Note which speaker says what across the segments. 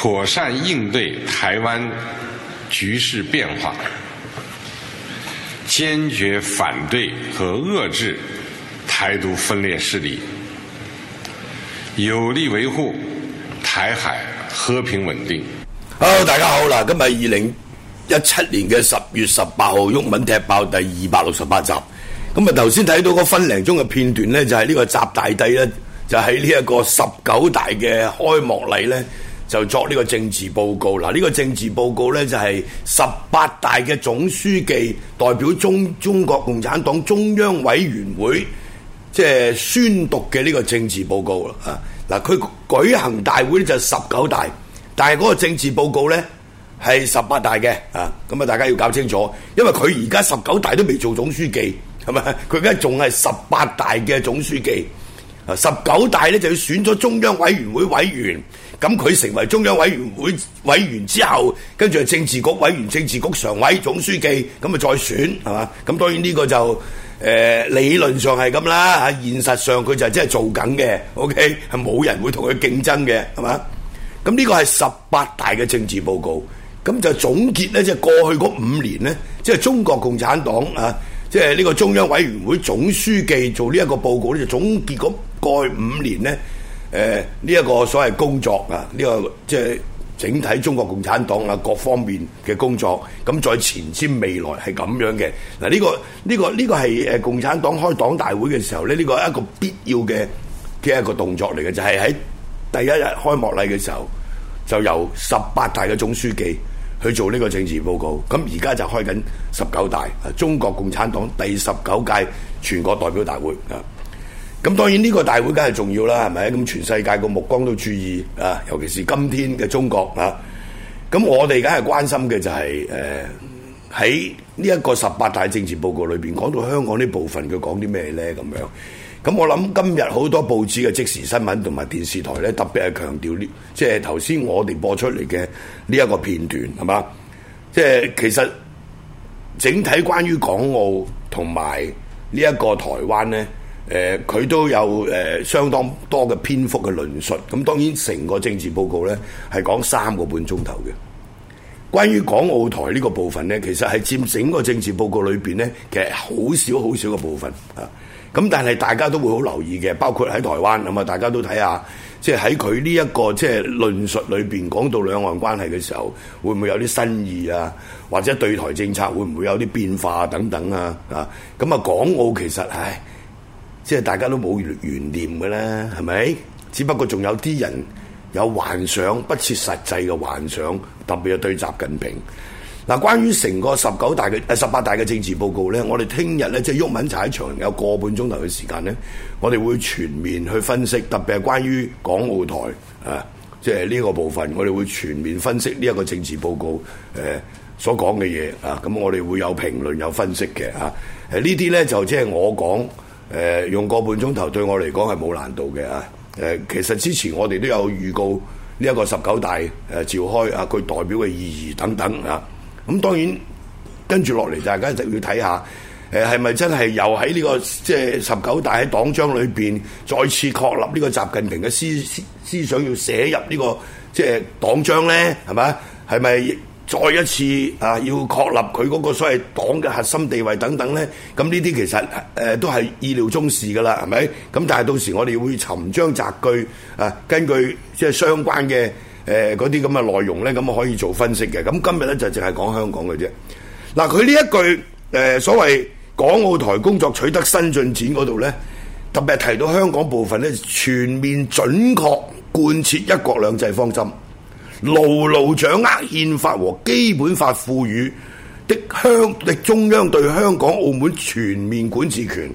Speaker 1: 妥善應對台灣局勢變化，堅決反對和遏制台獨分裂勢力，有力維護台海和平穩定。Hello 大家好啦，今日係二零一七年嘅十月十八
Speaker 2: 號，毓民踢爆第二百六十八集。咁啊，頭先睇到個分零鐘嘅片段咧，就係呢個習大帝咧，就喺呢一個十九大嘅開幕禮咧。就作呢個政治報告，嗱、這、呢個政治報告呢，就係十八大嘅總書記代表中中國共產黨中央委員會即係宣讀嘅呢個政治報告啊，嗱佢舉行大會呢，就係十九大，但係嗰個政治報告呢，係十八大嘅啊。咁啊大家要搞清楚，因為佢而家十九大都未做總書記，係咪佢而家仲係十八大嘅總書記？十九大咧，就要選咗中央委員會委員，咁佢成為中央委員會委員之後，跟住政治局委員、政治局常委、總書記，咁咪再選係嘛？咁當然呢個就誒、呃、理論上係咁啦，吓現實上佢就真係做緊嘅。O K 係冇人會同佢競爭嘅，係嘛？咁呢個係十八大嘅政治報告，咁就總結呢，即係過去嗰五年呢，即係中國共產黨啊，即係呢個中央委員會總書記做呢一個報告呢就總結咁。過去五年呢，誒呢一個所謂工作啊，呢個即係整體中國共產黨啊各方面嘅工作，咁再前瞻未來係咁樣嘅。嗱，呢個呢個呢個係共產黨開黨大會嘅時候呢，呢個一個必要嘅嘅一個動作嚟嘅，就係喺第一日開幕禮嘅時候，就由十八大嘅總書記去做呢個政治報告。咁而家就開緊十九大，中國共產黨第十九屆全國代表大會啊。咁當然呢個大會梗係重要啦，係咪？咁全世界個目光都注意啊，尤其是今天嘅中國啊。咁我哋梗係關心嘅就係誒喺呢一個十八大政治報告裏邊講到香港呢部分，佢講啲咩咧？咁樣咁我諗今日好多報紙嘅即時新聞同埋電視台咧，特別係強調呢，即係頭先我哋播出嚟嘅呢一個片段係嘛？即係、就是、其實整體關於港澳同埋呢一個台灣咧。誒，佢、呃、都有誒、呃、相當多嘅篇幅嘅論述，咁當然成個政治報告呢係講三個半鐘頭嘅。關於港澳台呢個部分呢，其實係佔整個政治報告裏邊呢，其實好少好少嘅部分啊。咁但係大家都會好留意嘅，包括喺台灣咁啊，大家都睇下，即係喺佢呢一個即係論述裏邊講到兩岸關係嘅時候，會唔會有啲新意啊？或者對台政策會唔會有啲變化，啊、等等啊？啊，咁、嗯、啊，港澳其實即係大家都冇懸念嘅咧，係咪？只不過仲有啲人有幻想，不切實際嘅幻想，特別係對習近平。嗱，關於成個十九大嘅十八大嘅政治報告咧，我哋聽日咧即係毓民茶喺場有個半鐘頭嘅時間咧，我哋會全面去分析，特別係關於港澳台啊，即係呢個部分，我哋會全面分析呢一個政治報告所講嘅嘢啊，咁、啊、我哋會有評論有分析嘅啊。呢啲咧就即、是、係我講。誒、呃、用個半鐘頭對我嚟講係冇難度嘅啊！誒、呃、其實之前我哋都有預告呢一個十九大誒召開啊，佢代表嘅意義等等啊。咁當然跟住落嚟，大家一就要睇下誒係咪真係又喺呢個即係十九大喺黨章裏邊再次確立呢個習近平嘅思思思想要寫入呢個即係黨章咧？係咪？係咪？再一次啊，要確立佢嗰個所謂黨嘅核心地位等等呢，咁呢啲其實誒、呃、都係意料中事㗎啦，係咪？咁但係到時我哋會尋章摘句啊，根據即係相關嘅嗰啲咁嘅內容呢，咁可以做分析嘅。咁今日呢，就淨係講香港嘅啫。嗱，佢呢一句誒、呃、所謂港澳台工作取得新進展嗰度呢，特別係提到香港部分呢，全面準確貫徹一國兩制方針。牢牢掌握憲法和基本法賦予的香，的中央對香港、澳門全面管治權。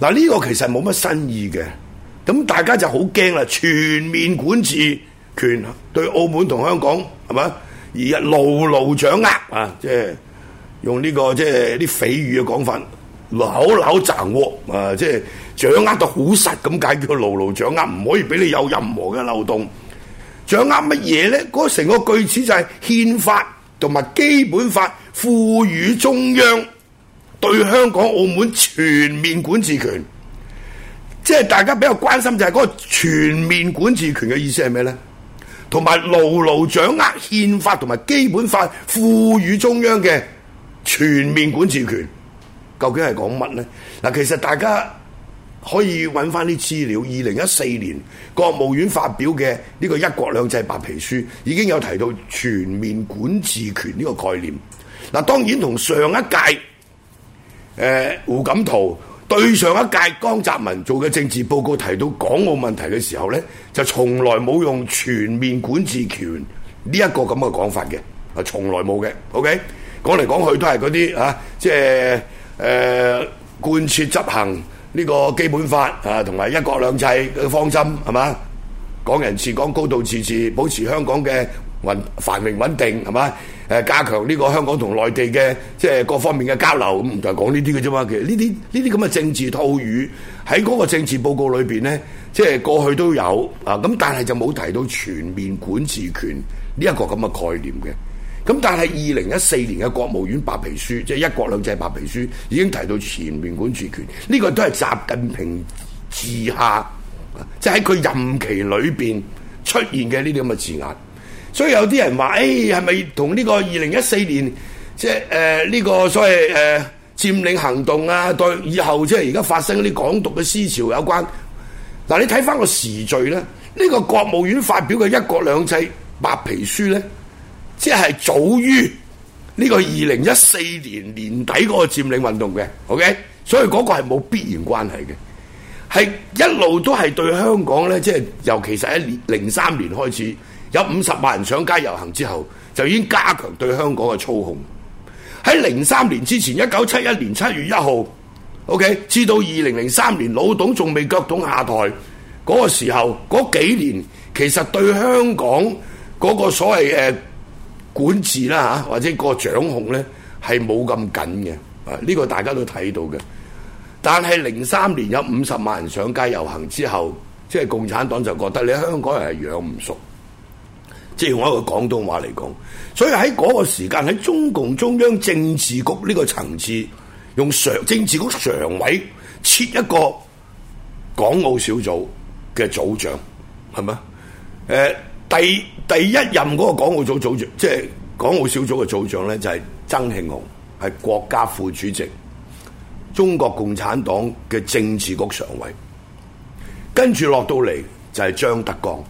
Speaker 2: 嗱，呢個其實冇乜新意嘅。咁大家就好驚啦！全面管治權對澳門同香港係咪？而牢牢掌握啊，即係用呢個即係啲匪語嘅講法，牢牢掙握啊，即係掌握到好實咁解叫牢牢掌握，唔可以俾你有任何嘅漏洞。掌握乜嘢咧？嗰成個句子就係憲法同埋基本法賦予中央對香港澳門全面管治權，即係大家比較關心就係嗰個全面管治權嘅意思係咩咧？同埋牢牢掌握憲法同埋基本法賦予中央嘅全面管治權，究竟係講乜咧？嗱，其實大家可以揾翻啲資料。二零一四年國務院發表嘅呢個《一國兩制》白皮書已經有提到全面管治權呢個概念。嗱，當然同上一屆誒胡錦濤對上一屆江澤民做嘅政治報告提到港澳問題嘅時候咧，就從來冇用全面管治權呢一個咁嘅講法嘅，啊，從來冇嘅。OK，講嚟講去都係嗰啲啊，即係誒貫徹執行。呢個基本法啊，同埋一國兩制嘅方針，係嘛？港人治港、講高度自治，保持香港嘅穩繁榮穩定，係嘛？誒，加強呢個香港同內地嘅即係各方面嘅交流，咁就講呢啲嘅啫嘛。其實呢啲呢啲咁嘅政治套語喺嗰個政治報告裏邊咧，即係過去都有啊，咁但係就冇提到全面管治權呢一、這個咁嘅概念嘅。咁但係二零一四年嘅國務院白皮書，即係一國兩制白皮書，已經提到全面管治權，呢個都係習近平治下即係喺佢任期裏邊出現嘅呢啲咁嘅字眼。所以有啲人話，誒係咪同呢個二零一四年即係誒呢個所謂誒佔領行動啊，對以後即係而家發生嗰啲港獨嘅思潮有關？嗱，你睇翻個時序咧，呢個國務院發表嘅一國兩制白皮書咧，即係早於呢個二零一四年年底嗰個佔領運動嘅，OK，所以嗰個係冇必然關係嘅，係一路都係對香港呢，即係尤其係喺零三年開始，有五十萬人上街遊行之後，就已經加強對香港嘅操控。喺零三年之前，一九七一年七月一號，OK，至到二零零三年老董仲未腳痛下台嗰個時候，嗰幾年其實對香港嗰個所謂誒，管治啦嚇，或者個掌控咧，係冇咁緊嘅，啊、這、呢個大家都睇到嘅。但係零三年有五十萬人上街遊行之後，即係共產黨就覺得你香港人係養唔熟，即係用一個廣東話嚟講。所以喺嗰個時間喺中共中央政治局呢個層次，用常政治局常委設一個港澳小組嘅組長係咪？誒、呃、第。第一任嗰個港澳組組長，即係港澳小組嘅組長咧，就係曾慶紅，係國家副主席、中國共產黨嘅政治局常委。跟住落到嚟就係張德江，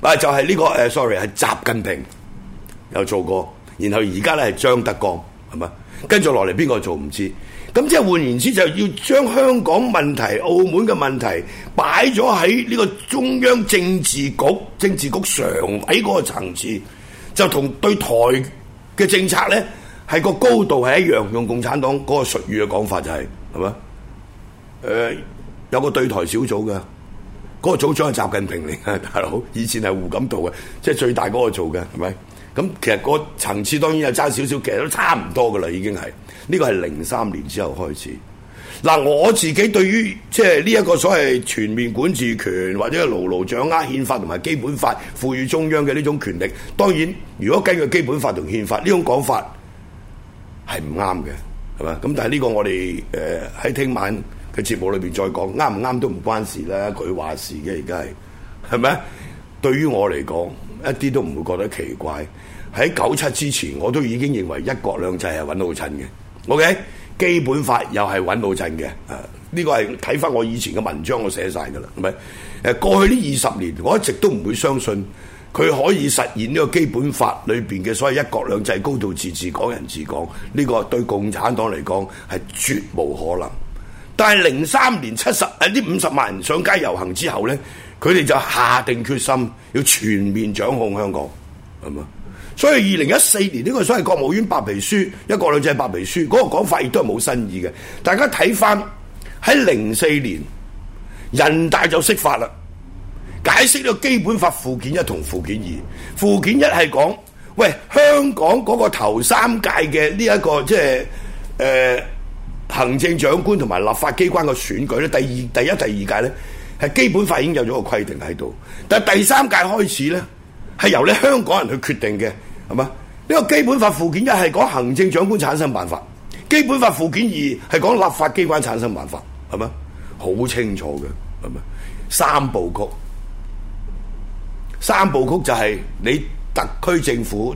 Speaker 2: 啊就係呢個誒，sorry 係習近平有做過，然後而家咧係張德江，係咪？跟住落嚟，邊個做唔知？咁即係換言之，就要將香港問題、澳門嘅問題擺咗喺呢個中央政治局、政治局常委嗰個層次，就同對台嘅政策咧，係個高度係一樣。用共產黨嗰個術語嘅講法就係、是，係咪？誒、呃，有個對台小組嘅，嗰、那個組長係習近平嚟嘅，大佬以前係胡錦道嘅，即、就、係、是、最大嗰個做嘅，係咪？咁其實個層次當然又差少少，其實都差唔多噶啦，已經係呢個係零三年之後開始。嗱，我自己對於即係呢一個所謂全面管治權或者係牢牢掌握憲法同埋基本法，賦予中央嘅呢種權力，當然如果根據基本法同憲法呢種講法係唔啱嘅，係咪？咁但係呢個我哋誒喺聽晚嘅節目裏邊再講，啱唔啱都唔關事啦。佢話事嘅而家係係咪？對於我嚟講，一啲都唔會覺得奇怪。喺九七之前，我都已經認為一國兩制係揾老襯嘅。OK，基本法又係揾老襯嘅。誒、啊，呢個係睇翻我以前嘅文章，我寫晒㗎啦。唔係誒，過去呢二十年，我一直都唔會相信佢可以實現呢個基本法裏面嘅所謂一國兩制、高度自治、港人治港這。呢個對共產黨嚟講係絕無可能。但係零三年七一誒呢五十萬人上街遊行之後呢。佢哋就下定決心要全面掌控香港，係嘛？所以二零一四年呢個所謂國務院白皮書，一個女仔白皮書嗰個講法亦都係冇新意嘅。大家睇翻，喺零四年，人大就釋法啦，解釋咗基本法附件一同附件二。附件一係講，喂，香港嗰個頭三屆嘅呢一個即係誒行政長官同埋立法機關嘅選舉咧，第二第一第二屆咧。係基本法已經有咗個規定喺度，但係第三屆開始呢，係由你香港人去決定嘅，係嘛？呢個基本法附件一係講行政長官產生辦法，基本法附件二係講立法機關產生辦法，係嘛？好清楚嘅，係咪？三部曲，三部曲就係你特區政府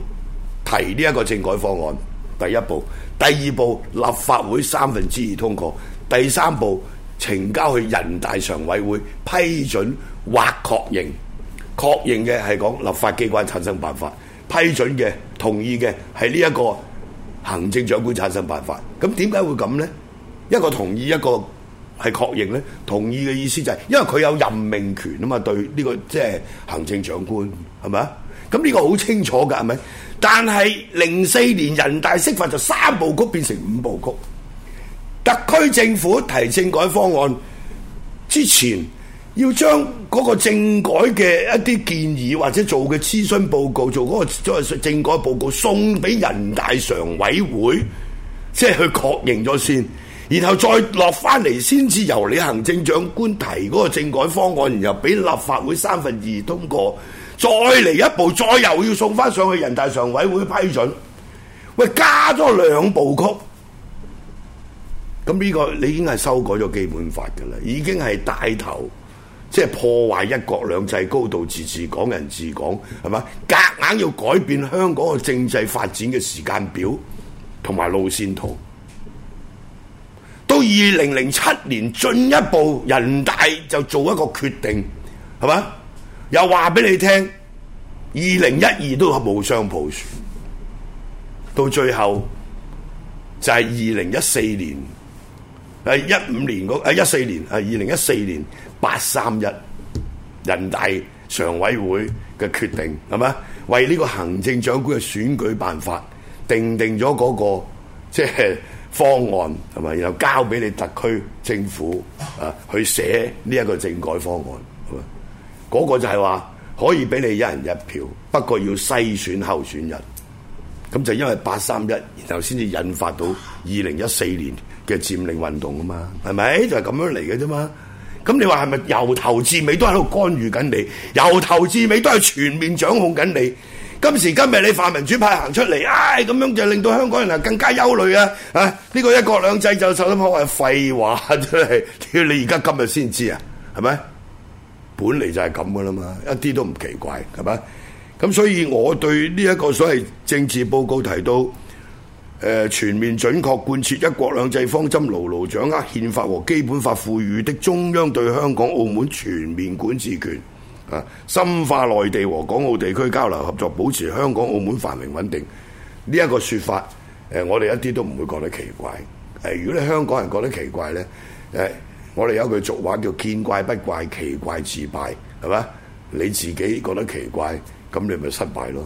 Speaker 2: 提呢一個政改方案，第一步，第二步立法會三分之二通過，第三步，呈交去人大常委會批准或確認，確認嘅係講立法機關產生辦法，批准嘅同意嘅係呢一個行政長官產生辦法。咁點解會咁呢？一個同意一個係確認咧？同意嘅意思就係因為佢有任命權啊嘛，對呢個即係行政長官係咪啊？咁呢個好清楚㗎，係咪？但係零四年人大釋法就三部曲變成五部曲。區政府提政改方案之前，要將嗰個政改嘅一啲建議或者做嘅諮詢報告，做嗰個政改報告送俾人大常委會，即係去確認咗先，然後再落翻嚟，先至由你行政長官提嗰個政改方案，然後俾立法會三分二通過，再嚟一步，再又要送翻上去人大常委會批准，喂，加咗兩部曲。咁呢個你已經係修改咗基本法噶啦，已經係帶頭即係破壞一國兩制、高度自治、港人治港，係嘛？夾硬要改變香港嘅政制發展嘅時間表同埋路線圖，到二零零七年進一步人大就做一個決定，係嘛？又話俾你聽，二零一二都係冇雙普選，到最後就係二零一四年。誒一五年嗰，一四年，誒二零一四年八三一人大常委會嘅決定係咪？為呢個行政長官嘅選舉辦法定定咗嗰個即係方案係咪？然後交俾你特區政府啊去寫呢一個政改方案，嗰個就係話可以俾你一人一票，不過要篩選候選人。咁就因為八三一，然後先至引發到二零一四年。嘅佔領運動啊嘛，係咪就係、是、咁樣嚟嘅啫嘛？咁你話係咪由頭至尾都喺度干預緊你，由頭至尾都係全面掌控緊你？今時今日你泛民主派行出嚟，唉、哎，咁樣就令到香港人更加憂慮啊！啊，呢、這個一國兩制就實質上係廢話出嚟，你而家今日先知啊，係咪？本嚟就係咁噶啦嘛，一啲都唔奇怪，係咪？咁所以我對呢一個所謂政治報告提到。全面準確貫徹一國兩制方針，牢牢掌握憲法和基本法賦予的中央對香港、澳門全面管治權。深化內地和港澳地區交流合作，保持香港、澳門繁榮穩定。呢一個説法，我哋一啲都唔會覺得奇怪。誒，如果你香港人覺得奇怪呢，誒，我哋有句俗話叫見怪不怪，奇怪自敗，係咪？你自己覺得奇怪，咁你咪失敗咯。